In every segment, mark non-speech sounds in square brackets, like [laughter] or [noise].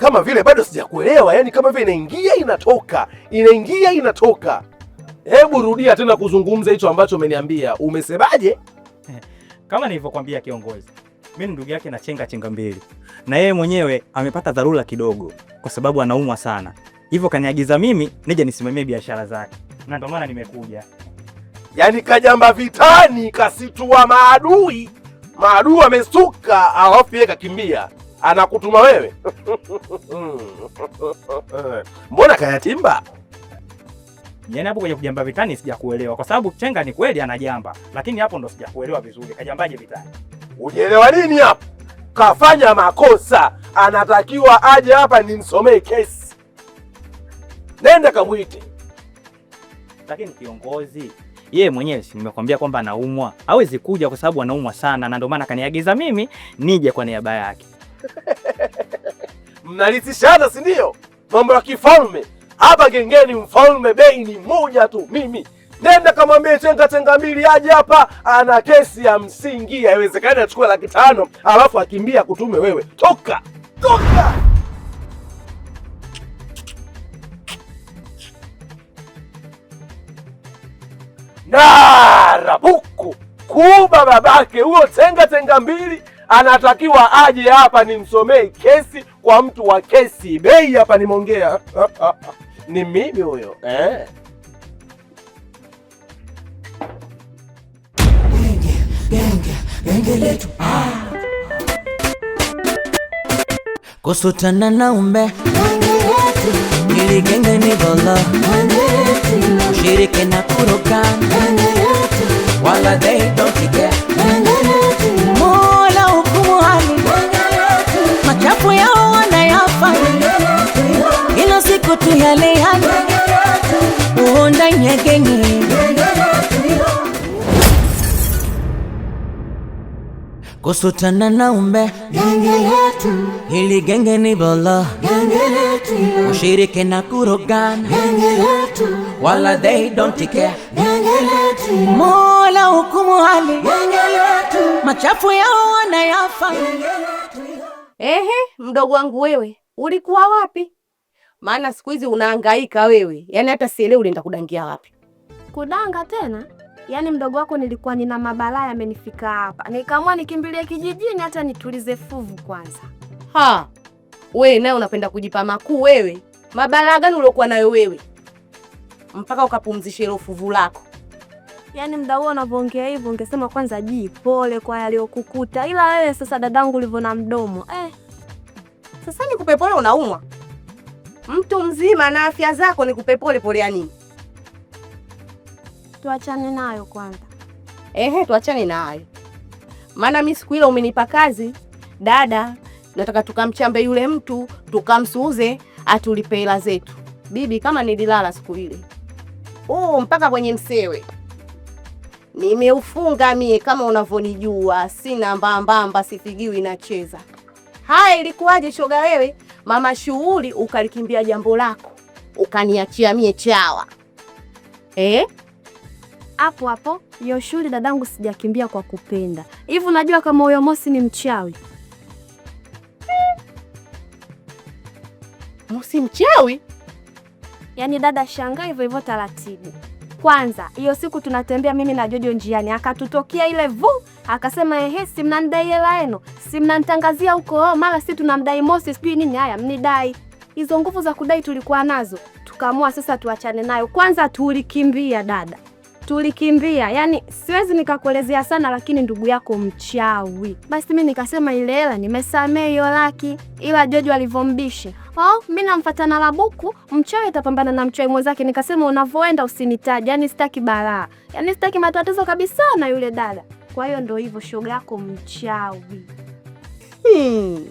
kama vile bado sijakuelewa, yani kama vile inaingia inatoka, inaingia inatoka. Hebu rudia tena kuzungumza hicho ambacho umeniambia. Umesemaje? Eh, kama nilivyokuambia kiongozi, mimi ndugu yake nachenga chenga mbili, na yeye mwenyewe amepata dharura kidogo, kwa sababu anaumwa sana, hivyo kaniagiza mimi nije nisimamie biashara zake, na ndio maana nimekuja. Yani kajamba vitani, kasitua maadui, maadui amesuka, alafu yeye kakimbia anakutuma wewe [laughs] mm. eh. mbona kayatimba? Yaani hapo kwenye kujamba vitani sijakuelewa, kwa sababu chenga ni kweli anajamba, lakini hapo ndo sijakuelewa vizuri. Kajambaje vitani? Ujielewa nini hapo? Kafanya makosa, anatakiwa aje hapa nimsomee kesi. Nenda kamwite. Lakini kiongozi ye mwenyewe si nimekwambia kwamba anaumwa, hawezi kuja kwa sababu anaumwa sana, na ndio maana kaniagiza mimi nije kwa niaba yake. [laughs] mnalithishana, si ndio? Mambo ya kifalme hapa gengeni, mfalme bei ni moja tu, mimi Nenda kamwambie chenga chenga mbili aje hapa, ana kesi ya msingi. Haiwezekani achukue laki tano alafu akimbia kutume wewe. Toka toka! Narabuku kuba babake huyo tenga tenga mbili anatakiwa aje hapa nimsomee kesi kwa mtu wa kesi bei. Hapa nimeongea [laughs] ni mimi huyo eh. Genge, genge, genge letu ah. Kusutana na umbe ili genge ni bolo ushirike na kuruka wala they don't care kutu ya yale uhonda uonda nyegenge kusutana na umbe genge letu, hili genge ni bolo genge letu, ushirike na kurogana genge letu, wala they don't care genge letu, Mola hukumu hali genge letu, machafu yao wanayafa. Ehe, mdogo wangu wewe ulikuwa wapi? maana siku hizi unahangaika wewe, yaani hata sielewi ulienda kudangia wapi. Kudanga tena? Yaani mdogo wako, nilikuwa nina mabalaa yamenifika hapa, nikaamua nikimbilie kijijini hata nitulize fuvu kwanza. Ha, wewe naye unapenda kujipa makuu wewe. Mabalaa gani uliokuwa nayo wewe mpaka ukapumzisha ile fuvu lako? Yaani mda huo unavyoongea hivyo ungesema kwanza jii pole kwa yaliyokukuta, ila wewe sasa dadangu ulivyo na mdomo eh. Sasa nikupe pole, unaumwa mtu mzima na afya zako nikupe pole pole ya nini? Tuachane nayo kwanza. Ehe, tuachane nayo, maana mi siku ile umenipa kazi dada, nataka tukamchambe yule mtu tukamsuuze, atulipe hela zetu. Bibi, kama nililala siku ile oh, mpaka kwenye msewe nimeufunga mie, kama unavyonijua, sina mbambamba, sipigiwi nacheza. Haya, ilikuwaje shoga wewe? mama shughuli, ukalikimbia jambo lako ukaniachia mie chawa e? hapo eh? Hapo hiyo shughuli dadangu, sijakimbia kwa kupenda. Hivi unajua kama huyo Mosi ni mchawi? Mosi mchawi? Yaani dada, shangaa hivyo hivyo taratibu. Kwanza hiyo siku tunatembea mimi na Jojo njiani, akatutokea ile vuu Akasema ehe, si mnanidai hela yenu, si mnanitangazia huko, oh, mara si tunamdai Mosi sijui nini. Haya, mnidai hizo. Nguvu za kudai tulikuwa nazo, tukaamua sasa tuachane nayo. Kwanza tulikimbia dada, tulikimbia. Yani siwezi nikakuelezea sana, lakini ndugu yako mchawi. Basi mi nikasema ile hela nimesamea hiyo laki, ila Jojo alivyombisha Oh, mi namfata na Labuku, mchawi atapambana na mchawi mwenzake. Nikasema unavyoenda usinitaje, yani sitaki balaa, yani sitaki matatizo kabisa na yule dada. Kwa hiyo ndo hivyo, shoga yako mchawi. Hmm.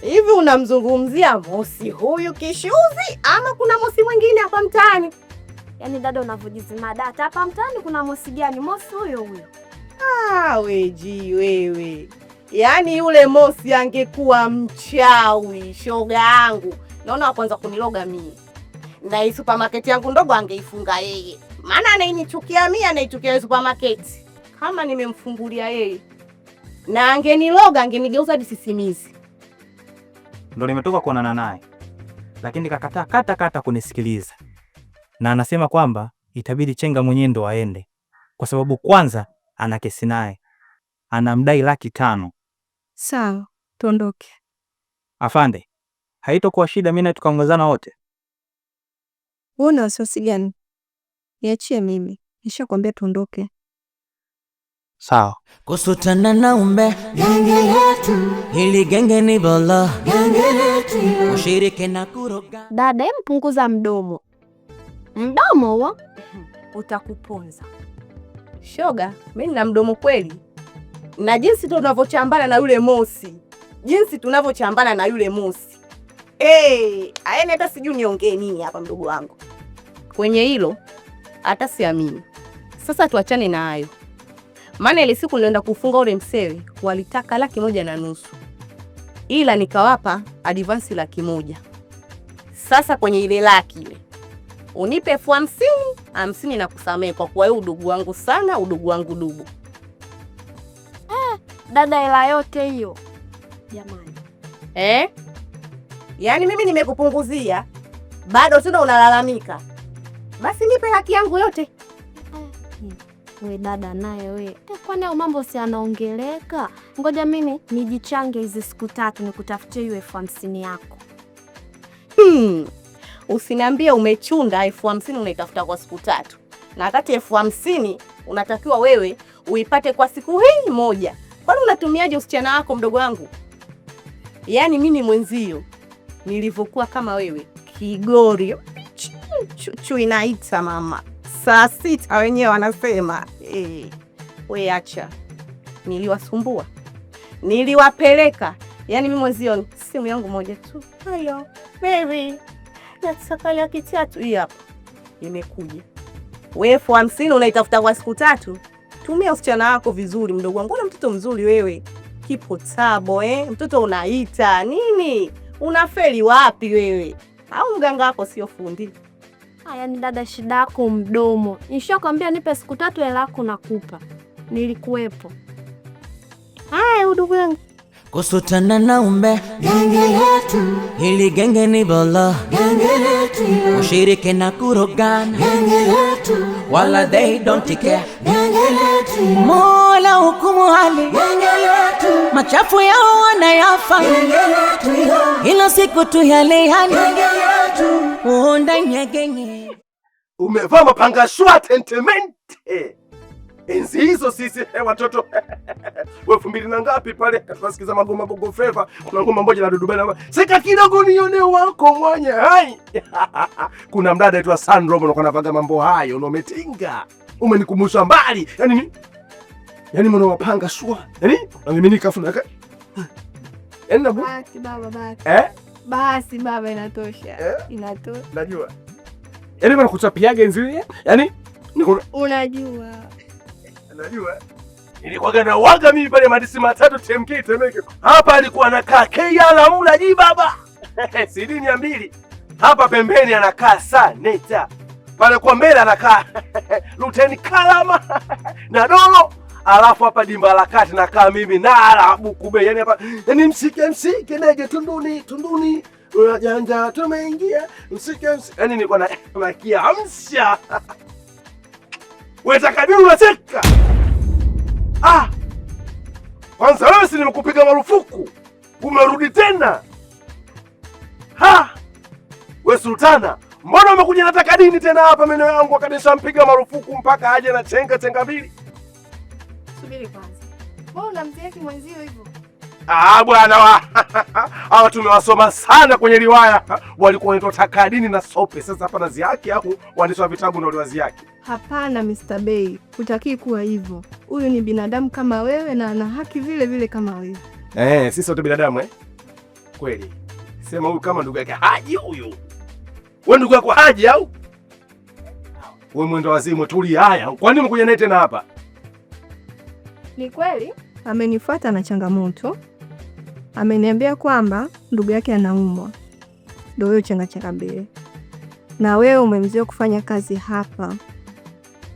Hivi unamzungumzia Mosi huyu kishuzi ama kuna Mosi mwingine hapa mtaani? Yaani dada, data hapa mtaani kuna Mosi gani? Mosi huyo huyo. Ah, weji wewe, yaani yule Mosi angekuwa mchawi, shoga yangu. Naona kwanza kuniloga mie na hii supermarket yangu ndogo angeifunga yeye, maana anainichukia mie, anaitukia supermarket kama nimemfungulia yeye, na angeniloga angenigeuza disisimizi Ndo nimetoka kuonana naye, lakini kakataa kata kata kunisikiliza, na anasema kwamba itabidi Chenga mwenyewe ndo aende, kwa sababu kwanza ana kesi naye, anamdai laki tano. Sawa, tuondoke. Afande, haitokuwa shida mi na tukaongozana wote. Wewe una wasiwasi gani? Niachie mimi, nishakwambia tuondoke. Sawa. Kusutana na umbe genge letu, hili genge ni bolo genge letu, ushirike na kuroga. Dada, empunguza mdomo, mdomo huo utakuponza. Shoga, mi nina mdomo kweli? Na jinsi tunavyochambana na yule Mosi, jinsi tunavyochambana na yule Mosi, hey, aene yaani hata sijui niongee nini hapa, mdogo wangu kwenye hilo hata siamini. Sasa tuachane na hayo maana ile siku nilienda kufunga ule msewe walitaka laki moja na nusu, ila nikawapa advance laki moja. Sasa kwenye ile laki ile unipe elfu hamsini hamsini na kusamehe kwa kuwa wewe udugu wangu sana, udugu wangu dubu. Ah, dada, hela yote hiyo jamani eh? Yaani mimi nimekupunguzia bado tuna unalalamika, basi nipe haki yangu yote. Ah, hmm we dada, naye we, eh, kwani hayo mambo si anaongeleka? Ngoja mimi nijichange hizi siku tatu nikutafutie hiyo elfu hamsini yako. Hmm. Usiniambie umechunda elfu hamsini unaitafuta kwa siku tatu, na wakati elfu hamsini unatakiwa wewe uipate kwa siku hii moja. Kwani unatumiaje usichana wako mdogo wangu? Yaani mimi mwenzio nilivyokuwa kama wewe kigori chu, chu, chu inaita mama saa sita wenyewe wanasema eh, we acha, niliwasumbua niliwapeleka. Yaani mimi mwenzio simu yangu moja tu, halo baby, nataka laki tatu hii hapa imekuja. We elfu hamsini unaitafuta kwa siku tatu. Tumia usichana wako vizuri, mdogo wangu, na mtoto mzuri wewe, kipo tabo eh? Mtoto unaita nini? Unafeli wapi wewe? Au mganga wako sio fundi? Yaani dada, shida yako mdomo. Nishakwambia nipe siku tatu, hela yako nakupa. Nilikuwepo. Haya, udugu yangu kusutana na umbe genge letu, hili genge ni bolo genge letu, ushirike na kurogana genge letu, wala they don't care genge letu, mola hukumu hali genge letu, machafu yao wanayafa genge letu, ila siku tu yale yale genge letu, uonda nyegenye umevaa mapanga shwa tentemente. Enzi hizo sisi eh, watoto [laughs] elfu mbili na ngapi pale tunasikiza magoma gogo fever, kuna ngoma moja na dudubana, seka kidogo nione wako mwanya hai [laughs] kuna mdada aitwa Sandro unakuwa navaga mambo hayo na umetinga, umenikumbusha mbali, yani ni yani mwana wapanga shwa yani namiminika mimi nikafunaka yani na baba baba eh, basi baba, inatosha eh? Inatosha, najua Yaani bwana kuchapiaga nzuri. Yaani unajua. Unajua? Nilikuwa na waga mimi pale madisi matatu TMK Temeke. Hapa alikuwa anakaa la mla ji baba. [laughs] Sidini ya mbili. Hapa pembeni anakaa Saneta. Pale kwa mbele anakaa [laughs] Luteni Kalama [laughs] na Dolo. Alafu hapa dimba la kati nakaa mimi na Arabu Kube. Yaani hapa yaani msike msike nege tunduni tunduni unajanja tumeingia msika msika, yani nilikuwa nakia amsha kabiru unacheka. Ah, kwanza wewe si nimekupiga marufuku, umerudi tena ha? We sultana, mbona umekuja nataka dini tena hapa meno yangu, wakati nishampiga marufuku mpaka aje na chenga chenga mbili. Subiri kwanza, mbona unamzeki mwenzio hivyo Ah, bwana wa [laughs] hawa tumewasoma sana kwenye riwaya, walikuwa wanaitwa Takadini na Sope. Sasa hapa nazi yake au waandishi wa vitabu na uliwazi yake? Hapana Mr. Bey, hutakii kuwa hivyo. Huyu ni binadamu kama wewe na ana haki vile vile kama wewe. Eh, sisi wote binadamu eh? Kweli sema, huyu kama ndugu yake Haji. Huyu wewe ndugu yako Haji au wewe? Mwendo wazimu, tulia. Haya, kwa nini umekuja naye tena hapa? Ni kweli amenifuata na changamoto ameniambia kwamba ndugu yake anaumwa, ndo huyo changachanga mbili, na wewe umemzia kufanya kazi hapa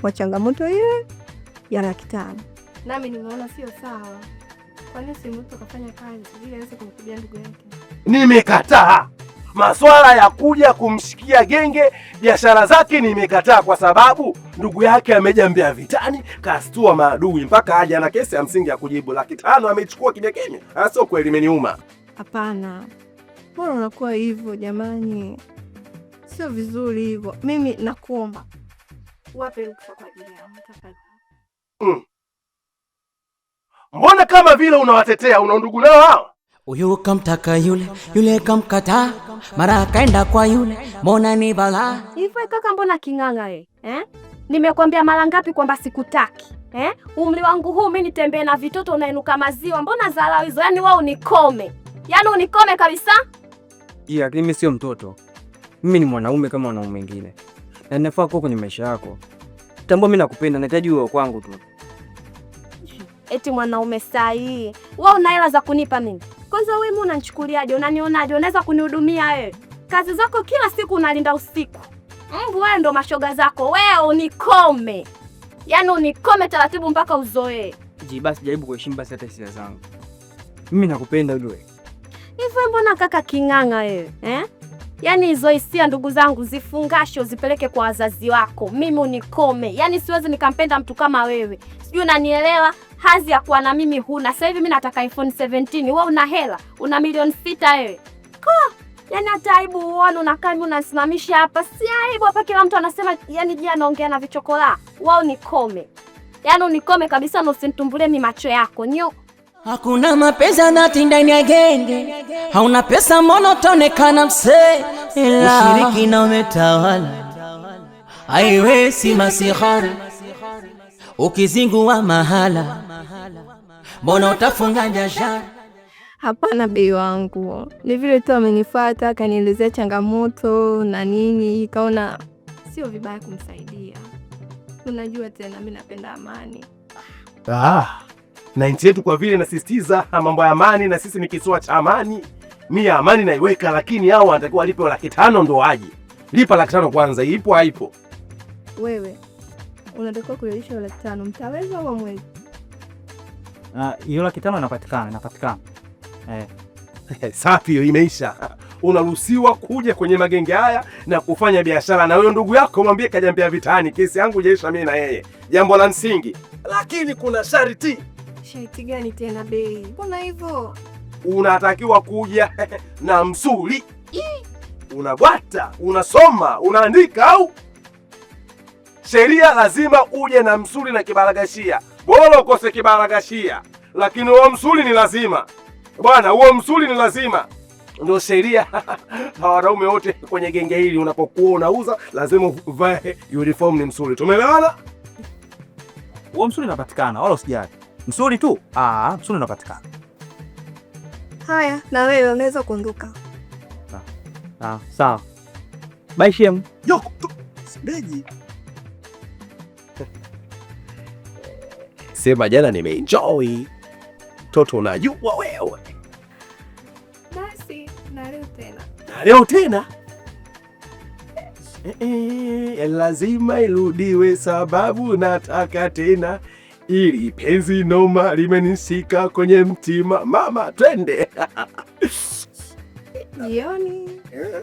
kwa changamoto ile ya laki tano. Nami nimeona sio sawa, kwani simtu kafanya kazi ili aweze kumpigia ndugu yake. Nimekataa. Maswala ya kuja kumshikia genge biashara zake nimekataa, kwa sababu ndugu yake amejambea vitani, kastua maadui mpaka haja na kesi ya msingi ya kujibu. Laki tano amechukua kimya kimya, ah, sio kweli, imeniuma. Hapana, mbona unakuwa hivyo jamani? Sio vizuri hivyo. Mimi nakuomba wape mm. Mbona kama vile unawatetea, una ndugu nao hawa? uyu kamtaka yule, yule kamkata mara akaenda kwa yule, mbona ni bala hivyo? Kaka, mbona king'ang'a e Eh? Nimekwambia mara ngapi kwamba sikutaki eh? Umri wangu huu mimi nitembee na vitoto unainuka maziwa, mbona dharau hizo? Yaani wewe unikome, yaani unikome kabisa. Yeah, lakini mimi sio mtoto, mimi ni mwanaume kama wanaume wengine, na nafaa kuwa kwenye maisha yako. Tambua mimi nakupenda, nahitaji uwe kwangu tu. Eti mwanaume sahihi? wewe una hela za kunipa mimi kwanza wewe mbona unanichukuliaje? Unanionaje? Unaweza kunihudumia wewe? Kazi zako kila siku unalinda usiku. Mbu wewe ndo mashoga zako. Wewe unikome. Yaani unikome taratibu mpaka uzoe. Ji, basi jaribu kuheshimu basi hata hisia zangu. Mimi nakupenda wewe. Hivi mbona kaka king'ang'a wewe? Eh? Yaani hizo hisia ndugu zangu zifungashe uzipeleke kwa wazazi wako. Mimi unikome. Yaani siwezi nikampenda mtu kama wewe. Sijui unanielewa? hazi ya kuwa na mimi huna. Sasa hivi mimi nataka iPhone 17. Wewe una hela, una milioni sita wewe. Ko, yani hata aibu uone unakaa mimi unasimamisha hapa. Si aibu hapa kila mtu anasema yani je anaongea na vichokola. Wao nikome. Yaani unikome kabisa na usinitumbulie mimi macho yako. Nyo. Hakuna mapesa natinda ni agende. Hauna pesa mbona utaonekana msee. Ushiriki na umetawala. Aiwe si masihara. Ukizinguwa mahala mbona utafunga biashara? Hapana bei wangu, ni vile tu amenifuata akanielezea changamoto na nini, ikaona sio vibaya kumsaidia. Unajua tena mi napenda amani ah, na nchi yetu kwa vile nasistiza mambo ya amani, na sisi ni kisiwa cha amani. Mi ya amani naiweka, lakini hao wanatakiwa lipe laki tano ndo aje. Lipa laki tano kwanza, ipo haipo? Wewe unatakiwa kuyoisha laki tano, mtaweza au mwezi hiyo laki tano inapatikana inapatikana eh. eh. Safi, hiyo imeisha. Unaruhusiwa kuja kwenye magenge haya na kufanya biashara. Na huyo ndugu yako mwambie kajambia vitani, kesi yangu jeisha mimi na yeye, jambo la msingi. Lakini kuna sharti. Sharti gani tena bei? Kuna hivyo? Unatakiwa kuja [laughs] na msuli, unabwata, unasoma, unaandika au sheria, lazima uje na msuli na kibaragashia bora ukose kibaragashia, lakini huo msuli ni lazima bwana, huo msuli ni lazima. Ndio sheria [laughs] wanaume wote kwenye genge hili, unapokuwa unauza lazima uvae uniform, ni msuli. Tumeelewana? Huo msuli unapatikana, wala usijali. Msuli tu, ah, msuli unapatikana. Haya, na wewe unaweza kuondoka. Ah, ah, sawa, bye shem. Yoko, beji. sema jana nimeenjoy. Toto unajua wewe. Basi na leo tena. Na leo tena. E, lazima irudiwe sababu nataka tena, ili penzi noma limenisika kwenye mtima. Mama, twende jioni. Eh.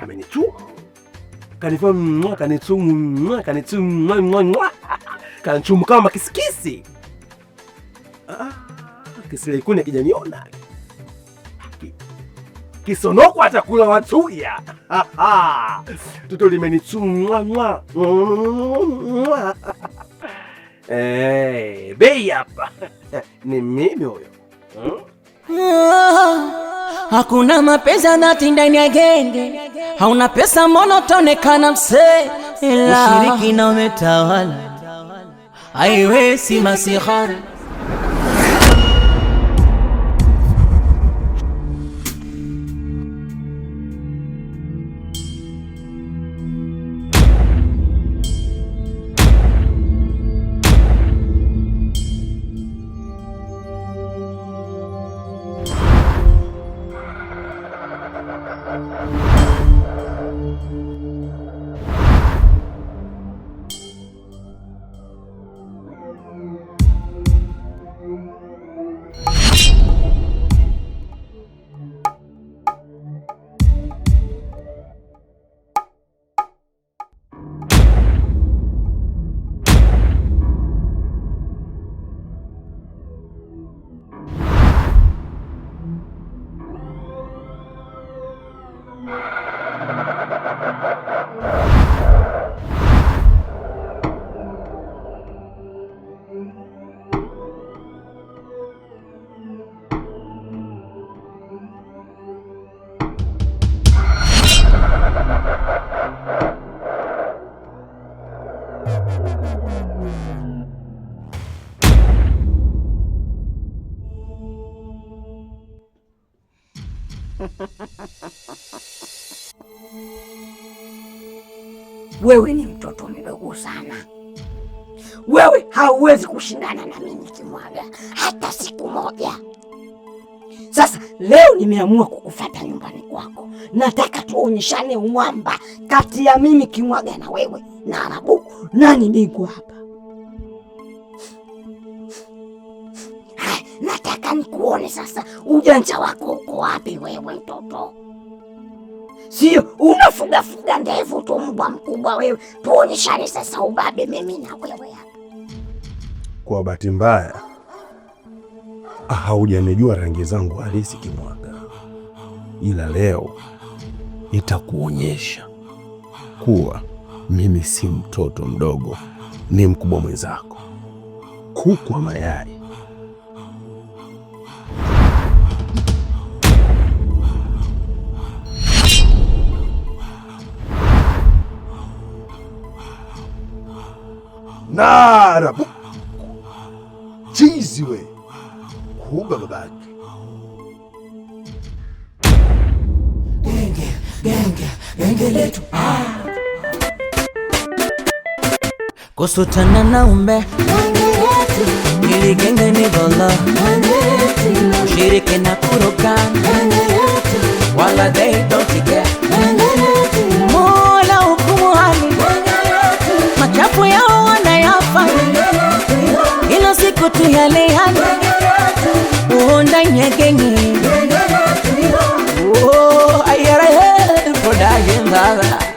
amene ah, tu kanifa kanitsumu kanitsumu kanchumu kama makisikisi ah, akijaniona kisonoko atakula watuya toto limenitsumwamwa bei hapa ni mimi huyo hmm? Ah, hakuna mapenzi nati ndani ya genge, hauna pesa mbona utaonekana msee, na umetawala, aiwe si masihara wewe ni mtoto mdogo sana, wewe hauwezi kushindana na mimi Kimwaga hata siku moja. Sasa leo nimeamua kukufata nyumbani kwako, nataka tuonyeshane umwamba kati ya mimi Kimwaga na wewe na Arabu, nani bingwa hapa? Nataka nikuone sasa ujanja wako uko wapi, wewe mtoto sio unafugafuga ndevu tu, mbwa mkubwa wewe. Tuonyeshane sasa ubabe, mimi na wewe hapa. Kwa bahati mbaya haujanijua rangi zangu halisi Kimwaga, ila leo nitakuonyesha kuwa mimi si mtoto mdogo, ni mkubwa mwenzako. Kuku wa mayai Nara chizi we Kuba babake genge genge genge letu kusutana na umbe ili genge ni bola. shiriki na kuruka wala they don't get mola hukumu hali machafu yao ቁጡ ያለ ያለ እንዳኘገኝ አየረ ሆዳዬ ባባ